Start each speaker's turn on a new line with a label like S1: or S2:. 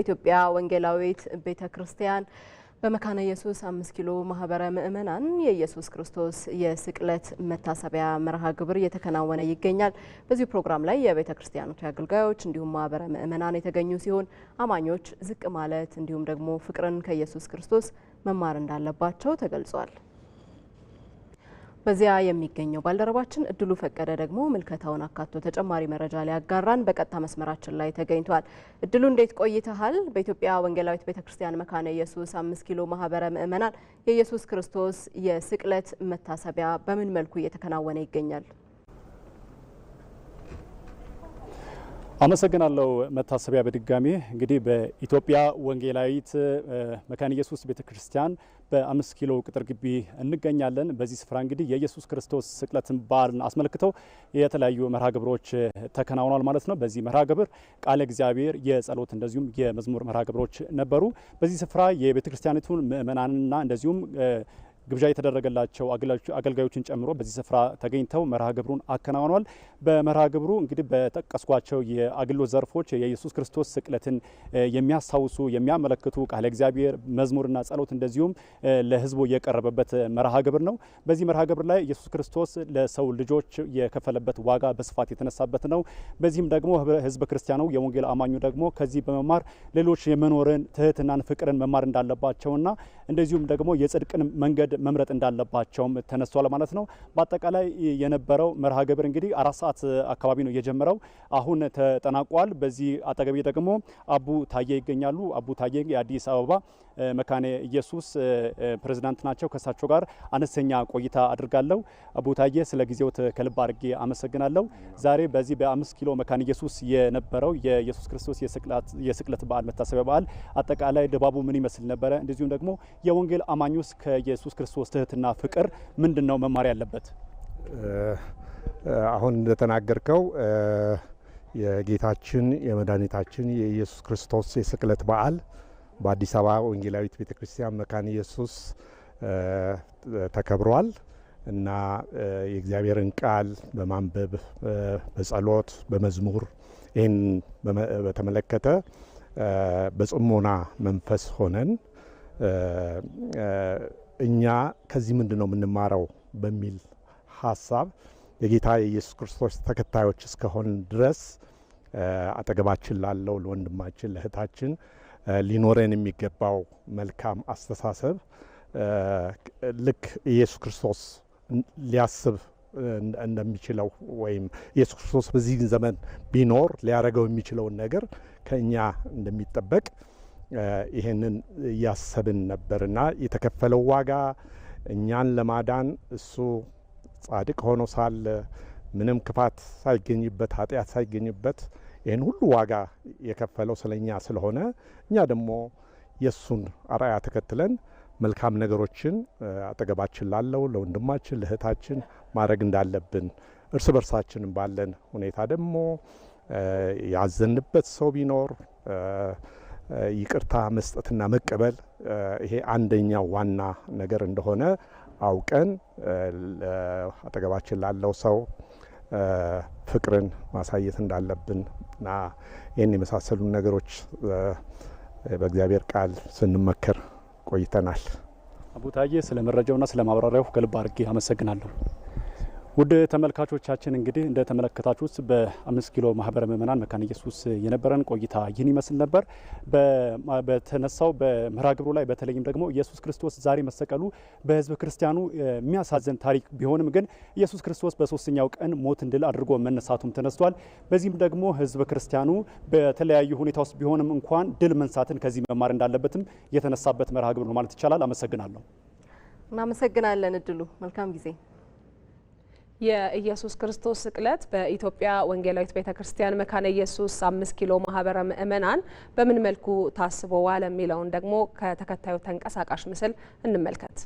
S1: በኢትዮጵያ ወንጌላዊት ቤተ ክርስቲያን በመካነ ኢየሱስ አምስት ኪሎ ማህበረ ምእመናን የኢየሱስ ክርስቶስ የስቅለት መታሰቢያ መርሃ ግብር እየተከናወነ ይገኛል። በዚሁ ፕሮግራም ላይ የቤተ ክርስቲያኖች አገልጋዮች እንዲሁም ማህበረ ምእመናን የተገኙ ሲሆን አማኞች ዝቅ ማለት እንዲሁም ደግሞ ፍቅርን ከኢየሱስ ክርስቶስ መማር እንዳለባቸው ተገልጿል። በዚያ የሚገኘው ባልደረባችን እድሉ ፈቀደ ደግሞ ምልከታውን አካቶ ተጨማሪ መረጃ ሊያጋራን በቀጥታ መስመራችን ላይ ተገኝቷል። እድሉ እንዴት ቆይተሃል? በኢትዮጵያ ወንጌላዊት ቤተ ክርስቲያን መካነ ኢየሱስ አምስት ኪሎ ማህበረ ምእመናን የኢየሱስ ክርስቶስ የስቅለት መታሰቢያ በምን መልኩ እየተከናወነ ይገኛል?
S2: አመሰግናለሁ መታሰቢያ። በድጋሚ እንግዲህ በኢትዮጵያ ወንጌላዊት መካነ ኢየሱስ ቤተ ክርስቲያን በአምስት ኪሎ ቅጥር ግቢ እንገኛለን። በዚህ ስፍራ እንግዲህ የኢየሱስ ክርስቶስ ስቅለትን በዓልን አስመልክተው የተለያዩ መርሃ ግብሮች ተከናውኗል ማለት ነው። በዚህ መርሃ ግብር ቃለ እግዚአብሔር፣ የጸሎት እንደዚሁም የመዝሙር መርሃ ግብሮች ነበሩ። በዚህ ስፍራ የቤተ ክርስቲያኒቱን ምእመናንና እንደዚሁም ግብዣ የተደረገላቸው አገልጋዮችን ጨምሮ በዚህ ስፍራ ተገኝተው መርሃ ግብሩን አከናውኗል። በመርሃ ግብሩ እንግዲህ በጠቀስኳቸው የአገልግሎት ዘርፎች የኢየሱስ ክርስቶስ ስቅለትን የሚያስታውሱ የሚያመለክቱ ቃለ እግዚአብሔር መዝሙርና ጸሎት እንደዚሁም ለህዝቡ የቀረበበት መርሃ ግብር ነው። በዚህ መርሃ ግብር ላይ ኢየሱስ ክርስቶስ ለሰው ልጆች የከፈለበት ዋጋ በስፋት የተነሳበት ነው። በዚህም ደግሞ ህዝብ ክርስቲያኑ የወንጌል አማኙ ደግሞ ከዚህ በመማር ሌሎች የመኖርን ትህትናን፣ ፍቅርን መማር እንዳለባቸውና እንደዚሁም ደግሞ የጽድቅን መንገድ መምረጥ እንዳለባቸውም ተነስቷል ማለት ነው። በአጠቃላይ የነበረው መርሃ ግብር እንግዲህ አራት ሰዓት አካባቢ ነው የጀመረው፣ አሁን ተጠናቋል። በዚህ አጠገቢ ደግሞ አቡ ታዬ ይገኛሉ። አቡ ታዬ የአዲስ አበባ መካኔ ኢየሱስ ፕሬዝዳንት ናቸው። ከእሳቸው ጋር አነስተኛ ቆይታ አድርጋለሁ። አቡ ታዬ ስለ ጊዜዎት ከልብ አድርጌ አመሰግናለሁ። ዛሬ በዚህ በአምስት ኪሎ መካነ ኢየሱስ የነበረው የኢየሱስ ክርስቶስ የስቅለት በዓል መታሰቢያ በዓል አጠቃላይ ድባቡ ምን ይመስል ነበረ? እንደዚሁም ደግሞ የወንጌል አማኞስ ከኢየሱስ ክርስቶስ የእርስዎስ ትህትና ፍቅር ምንድን ነው መማር ያለበት?
S3: አሁን እንደተናገርከው የጌታችን የመድኃኒታችን የኢየሱስ ክርስቶስ የስቅለት በዓል በአዲስ አበባ ወንጌላዊት ቤተ ክርስቲያን መካን ኢየሱስ ተከብሯል እና የእግዚአብሔርን ቃል በማንበብ በጸሎት፣ በመዝሙር ይህን በተመለከተ በጽሞና መንፈስ ሆነን እኛ ከዚህ ምንድን ነው የምንማረው በሚል ሀሳብ የጌታ የኢየሱስ ክርስቶስ ተከታዮች እስከሆን ድረስ አጠገባችን ላለው ለወንድማችን ለእህታችን ሊኖረን የሚገባው መልካም አስተሳሰብ ልክ ኢየሱስ ክርስቶስ ሊያስብ እንደሚችለው ወይም ኢየሱስ ክርስቶስ በዚህ ዘመን ቢኖር ሊያደርገው የሚችለውን ነገር ከእኛ እንደሚጠበቅ ይህንን እያሰብን ነበርና የተከፈለው ዋጋ እኛን ለማዳን እሱ ጻድቅ ሆኖ ሳለ ምንም ክፋት ሳይገኝበት ኃጢአት ሳይገኝበት ይህን ሁሉ ዋጋ የከፈለው ስለኛ ስለሆነ እኛ ደግሞ የእሱን አርአያ ተከትለን መልካም ነገሮችን አጠገባችን ላለው ለወንድማችን ለእህታችን ማድረግ እንዳለብን እርስ በርሳችንም ባለን ሁኔታ ደግሞ ያዘንበት ሰው ቢኖር ይቅርታ መስጠትና መቀበል ይሄ አንደኛው ዋና ነገር እንደሆነ አውቀን አጠገባችን ላለው ሰው ፍቅርን ማሳየት እንዳለብን እና ይህን የመሳሰሉ ነገሮች በእግዚአብሔር ቃል ስንመከር ቆይተናል።
S2: አቡታዬ ስለ መረጃውና ስለ ማብራሪያው ከልብ አድርጌ አመሰግናለሁ። ውድ ተመልካቾቻችን እንግዲህ እንደ ተመለከታችሁት በአምስት ኪሎ ማህበረ ምእመናን መካነ ኢየሱስ የነበረን ቆይታ ይህን ይመስል ነበር። በተነሳው በመርሃ ግብሩ ላይ በተለይም ደግሞ ኢየሱስ ክርስቶስ ዛሬ መሰቀሉ በህዝብ ክርስቲያኑ የሚያሳዝን ታሪክ ቢሆንም ግን ኢየሱስ ክርስቶስ በሶስተኛው ቀን ሞት እንድል አድርጎ መነሳቱም ተነስቷል። በዚህም ደግሞ ህዝብ ክርስቲያኑ በተለያዩ ሁኔታ ውስጥ ቢሆንም እንኳን ድል መንሳትን ከዚህ መማር እንዳለበትም የተነሳበት መርሃ ግብር ነው ማለት ይቻላል። አመሰግናለሁ።
S1: እናመሰግናለን። እድሉ መልካም ጊዜ የኢየሱስ ክርስቶስ ስቅለት በኢትዮጵያ ወንጌላዊት ቤተ ክርስቲያን መካነ ኢየሱስ አምስት ኪሎ ማህበረ ምእመናን በምን መልኩ ታስቦ ዋለ የሚለውን ደግሞ ከተከታዩ ተንቀሳቃሽ ምስል እንመልከት።